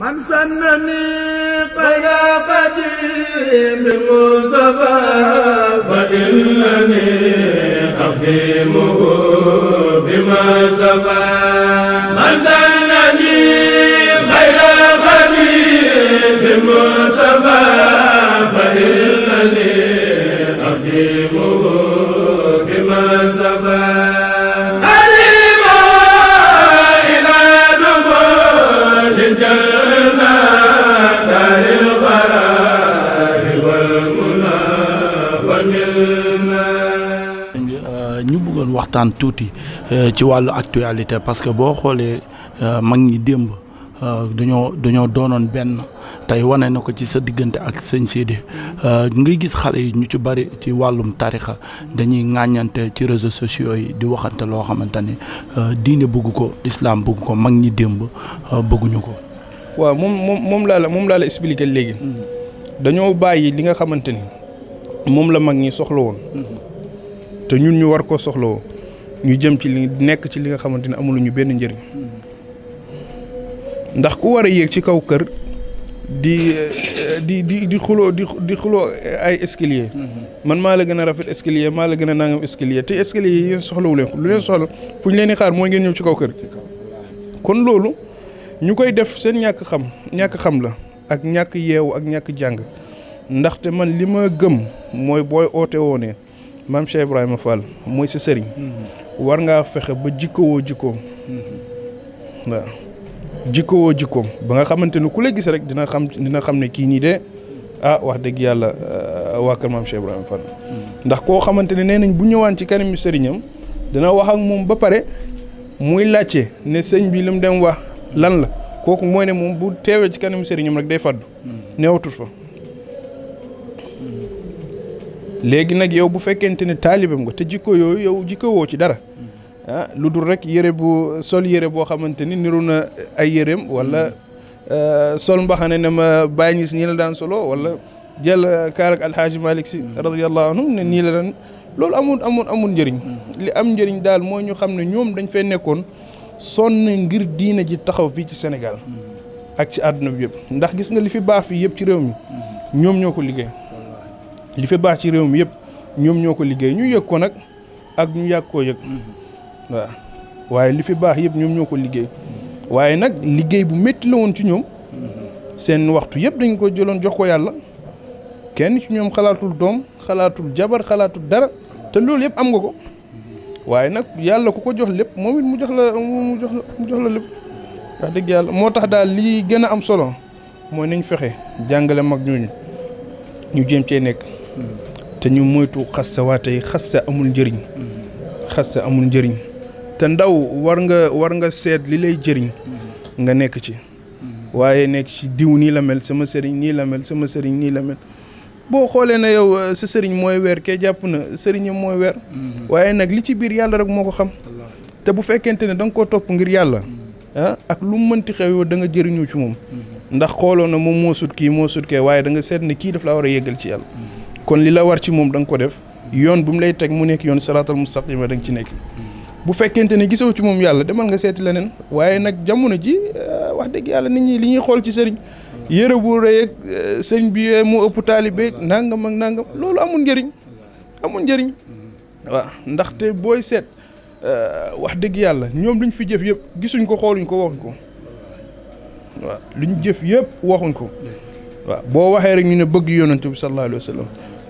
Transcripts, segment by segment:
من سنني قيا قديم المصطفى فإنني أقيمه بما سفى من سنني قيا قديم المصطفى Euh, ñu buggoon waxtaan tuuti euh, ci wàllu actualité parce que boo xoolee euh, mag ñi démb dañoo dañoo doonoon benn tey wane na ko ci sa diggante ak sëñ Sidi ngay gis xale yi ñu ci bari ci wàllum tarixa dañuy ŋàññante ci réseaux sociaux yi di waxante loo xamante ni diine bëgg ko lislaam bëgg ko mag ñi démb bëgguñu ko. waaw moom moom moom laa la moom laa la expliqué léegi. Hmm. dañoo bàyyi li nga xamante ni. moom la mag ñi soxla woon te ñun ñu war koo soxlawoo ñu jëm ci li nekk ci li nga xamante ne amul ñu benn njëriñ ndax ku war a yéeg ci kaw kër di eh, di di di xuloo di di xuloo ay escalier man maa la gën a rafet escalier maa la gën a nangam escalier te escalier yi yéen soxlawu leen lu leen soxla fu ñu leen di xaar mooy ngeen ñëw ci kaw kër kon loolu ñu koy def seen ñàkk xam ñàkk xam la ak ñàkk yeewu ak ñàkk jàng ndaxte man li ma gëm mooy booy oote woo ne maam Cheikh Ibrahima Fall mooy sa sëriñ. Mm-hmm. war ngaa fexe ba jikkowoo jikkoom. Mm-hmm. waaw jikkowoo jikkoom ba nga xamante ni ku la gis rek dina xam dina xam ne kii nii de ah wax dëgg yàlla euh, waa kër maam Cheikh Ibrahima Fall. Mm-hmm. ndax koo xamante ne nee nañ bu ñëwaan ci kanamu sëriñam dina wax ak moom ba pare muy laajte ne sëñ bi lu mu dem wax lan la kooku mooy ne moom bu teewee ci kanamu sëriñam rek day faddu. neewatul fa. léegi nag yow bu fekkente ne taalibeem nga te jikko yooyu yow jikko woo ci dara ah lu dul rek yére bu sol yére boo xamante ni niru na ay yéreem wala euh, sol mbaxane ne ma bàyyi ñi la daan solo wala jël kaarak alxaaji Malik si radiyallahu anhu ne nii la loolu amul amul amul njëriñ li am njëriñ daal mooy ñu xam ne ñoom dañ fee nekkoon sonn ngir diina ji taxaw fii ci Sénégal ak ci àdduna bi yëpp ndax gis nga li fi baax fii yëpp ci réew mi ñoom ñoo ko liggéey li fi baax ci réew mi yëpp ñoom ñoo ko liggéey ñu yëg ko nag ak ñu yàgg koo yëg waaw waaye li fi baax yëpp ñoom ñoo ko liggéey waaye nag liggéey bu métti la woon ci ñoom seen waxtu yëpp dañ ko jëloon jox ko yàlla kenn ci ñoom xalaatul doom xalaatul jabar xalaatul dara te loolu yëpp am nga ko waaye nag yàlla ku ko jox lépp moom it mu jox la mu jox la mu jox la lépp wax dëgg yàlla moo tax daal lii gën a am solo mooy nañ fexe jàngale mag ñooñu ñu jéem cee nekk. te ñu moytu xasta waa tey amul njëriñ xasta amul njëriñ te ndaw war nga war nga seet li lay jëriñ nga nekk ci waaye nekk ci diw nii la mel sama sëriñ nii la mel sama sëriñ nii la mel boo xoolee na yow eh, sa sëriñ mooy weer kee jàpp na sëriñam mooy weer waaye nag li ci biir yàlla rek moo ko xam te bu fekkente ne danga nga koo topp ngir yàlla ah ak lu mu mënti xew yow danga nga jëriñoo ci moom ndax xooloo na moom moo sut kii moo sut kee waaye da nga seet ne kii da laa war a yeggal ci yàlla kon li la war ci moom da nga ko def yoon bu mu lay teg mu nekk yoon siraatal mustaqima a nga ci nekk hmm. bu fekkente ne gisoo ci moom yàlla demal nga seeti leneen waaye nag jamono ji euh, wax dëgg yàlla nit ñi li ñuy xool ci sëriñ yére bu rëy ak euh, sëriñ bi mu ëpp taalibe nangam ak nangam loolu amul njëriñ amul njëriñ hmm. waaw ndaxte booy seet euh, wax dëgg yàlla ñoom luñ fi jëf yëpp gisuñ ko xooluñ ko waxuñ ko waaw luñ jëf yëpp waxuñ ko hmm. waaw boo waxee rek ñu ne bëgg yonent bi sallallahu alayhi wa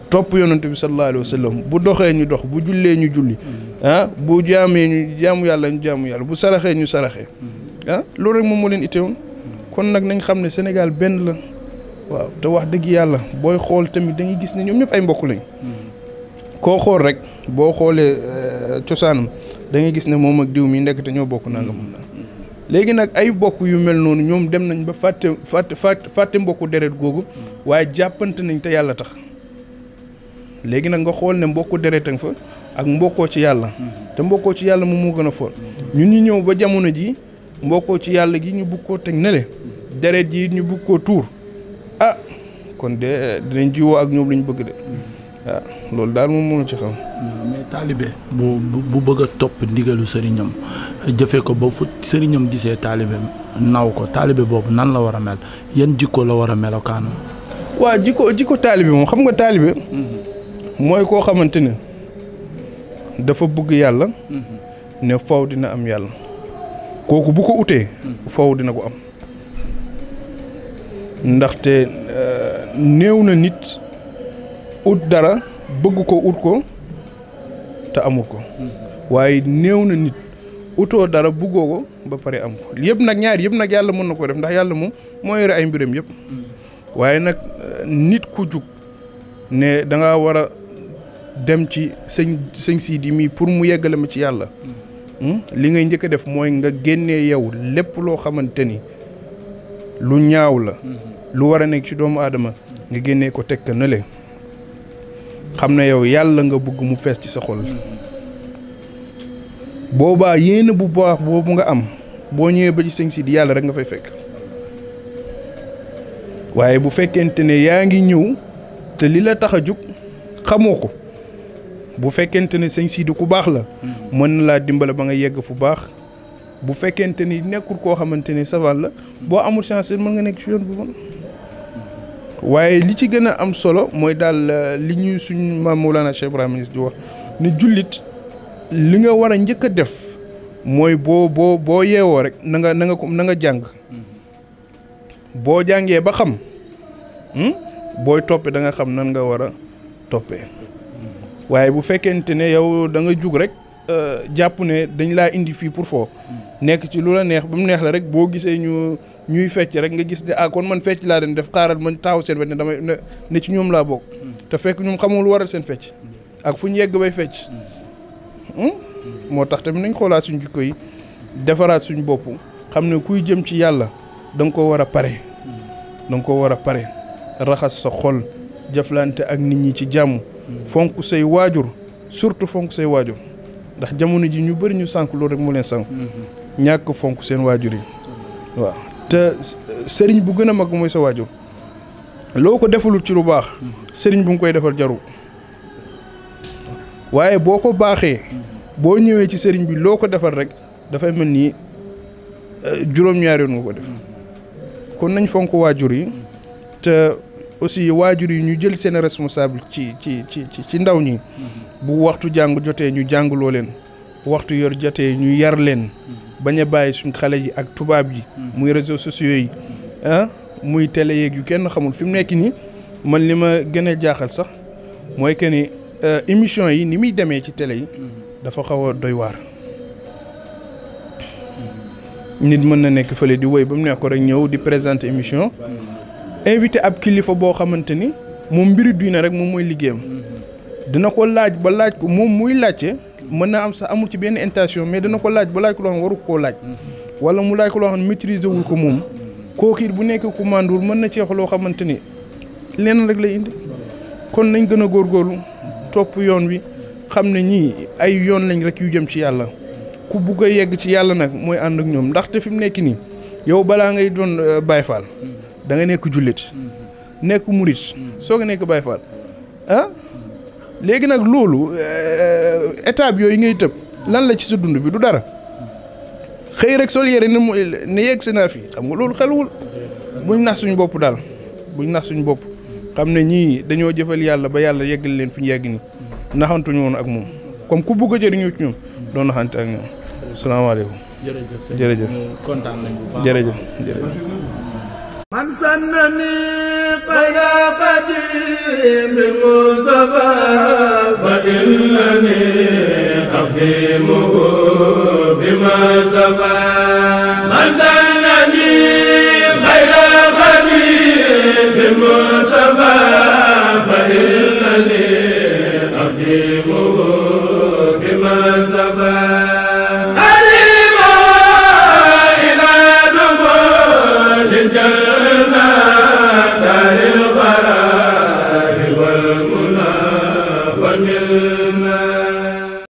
topp yonent bi sallallahu alayhi wa bu doxee ñu dox bu jullee ñu julli ah bu jaamee ñu jaamu yàlla ñu jaamu yàlla bu saraxee ñu saraxee ah loolu rek moom moo leen itteewoon kon nag nañ xam ne Sénégal benn la waaw te wax dëgg yàlla booy xool tamit da ngay gis ne ñoom ñëpp ay mbokk lañ koo xool rek boo xoolee eh, cosaanam da ngay gis ne moom ak diw mi ndekk te ñoo bokk nangam. léegi nag ay mbokk yu mel noonu ñoom dem nañ ba fàtte fàtte fàtte fàtte mbokku deret googu waaye jàppante nañ te yàlla tax léegi nag nga xool ne mbokku deret a nga fa ak mbokkoo ci yàlla mm-hmm. te mbokkoo ci yàlla moom moo gën a fool ñun ñu ñëw ba jamono ji mbokkoo ci yàlla gi ñu bugg koo teg nele deret ji ñu bugg koo tuur ah kon de dinañ jiwoo ak ñoom lañu bëgg de mm-hmm. loolu daal moom mënu ci xam. taalibe bu bu bëgg a topp ndigalu sëriñam jëfee ko ba fu sëriñam gisee taalibeem naw ko taalibe boobu nan la war a mel yan jikko la war a melokaanu. waa jikko jikko taalibe moom xam nga taalibe. Mhm. mooy koo xamante ne dafa bëgg yàlla. Mhm. ne faw dina am yàlla. kooku bu ko utee. Mhm. faw dina ko am. ndaxte euh, néew na nit. ut dara bëgg ko ut ko te amul ko waaye néew na nit utoo dara bëggoo ko ba pare am ko yëpp nag ñaar yëpp nag yàlla mën na ko def ndax yàlla moom moo yore ay mbiram yëpp waaye nag eh, nit ku jug ne da nga war a dem ci sëñ sëñ Sidi dimi pour mu yeggale ma ci yàlla hmm? li ngay njëkk def mooy nga génnee yow lépp loo xamante ni lu ñaaw la lu war a nekk ci doomu aadama nga génnee ko teg na le xam na yow yàlla nga bëgg mu fees ci sa xol boobaa yéene bu baax boobu nga am boo ñëwee ba ci sëñ si yàlla rek nga fay fekk waaye bu fekkente ne yaa ngi ñëw te li la tax a jóg xamoo ko bu fekkente ne sëñ Sidi ku baax la mën na laa dimbale ba nga yegg fu baax bu fekkente ni nekkul koo xamante ne savant la boo amul chance mën nga nekk ci yoon waaye li ci gën a am solo mooy daal euh, li ñuy suñ maam Mawlana Cheikh Ibrahima Niass di wax ni jullit li nga war a njëkk a def mooy boo boo boo yeewoo rek na nga na ko nanga nga jàng mm-hmm. boo jàngee ba xam hmm, booy toppee da nga xam nan nga war a toppee mm-hmm. waaye bu fekkent ne yow danga jug rek euh, jàpp ne dañ laa indi fii pour foo mm-hmm. nekk ci lu la neex ba mu neex la rek boo gisee ñu. ñuy fecc rek nga gis ne ah kon man fecc laa leen def xaaral man taaw seen wet ne damay ne ci ñoom laa bokk. te fekk ñoom xamul waral seen fecc. ak fu ñu yegg bay fecc. Hmm? moo tax tamit nañ xoolaat suñ jikko yi defaraat suñ bopp xam ne kuy jëm ci yàlla danga nga koo war a pare. da koo war a pare raxas sa xol jëflante ak nit ñi ci jàmm. fonk say waajur surtout fonk say waajur ndax jamono ji ñu bëri ñu sànq loolu rek mu leen sànq. Hmm. ñàkk fonk seen waajur yi te sëriñ bu gën a mag mooy sa waajur loo ko defalul ci lu baax sëriñ bu nga koy defal jaru waaye boo ko baaxee boo ñëwee ci sëriñ bi loo ko defal rek dafay mel ni euh, juróom-ñaari yoon nga ko def kon nañ fonk waajur yi te aussi waajur yi ñu jël seen responsable ci ci ci ci ndaw ñi bu waxtu jàng jotee ñu jàngloo leen waxtu yor jotee ñu yar leen mm-hmm. bañ a bàyyi suñ xale yi ak tubaab yi mm-hmm. muy réseaux sociaux yi ah muy télé yeeg yu kenn xamul fi mu nekk nii man li ma gën a jaaxal sax mooy que ni euh, émission yi ni muy demee ci tele yi mm-hmm. dafa xaw a doy waar nit mën na nekk fële di woy ba mu nekk rek ñëw di présenter émission invité ab kilifa boo xamante ni moom mbiru diine rek moom mooy liggéeyam dina ko laaj ba laaj ko moom muy laajte mën na am sax amul ci benn intention mais dana ko laaj ba laaj ko loo xam waru koo laaj wala mu laaj ko loo xam maîtriser wul ko moom kooku bu nekk ku màndul mën na ci wax loo xamante ni leneen rek lay indi kon nañ gën a góor góorlu topp yoon wi xam ne ñii ay yoon lañ rek yu jëm ci yàlla ku bugg a yegg ci yàlla nag mooy ànd ak ñoom ndaxte fi mu nekk nii yow balaa ngay doon euh, Baay Faal da nga nekk jullit nekk murit soo nga nekk Baay Faal ah? léegi nag loolu euh, étape yooyu ngay tëb lan la ci sa dund bi du dara xëy rek sol yére ni mooy ne yegg si naa fi xam nga loolu xelwul buñ nax suñu bopp daal buñ nax suñu bopp xam ne ñii dañoo jëfal yàlla ba yàlla yeggal leen fu ñu yegg nii naxantuñu woon ak moom comme ku bugg a jëriñoo ci ñoom doon naxante ak ñoom salaamaaleykum. jërëjëf sëñ bi jërëjëf kontaan nañu bu بالمصطفى فإنني أقيمه بما سفى من ذلني غير خبيب بالمصطفى فإنني أقيمه بما سفى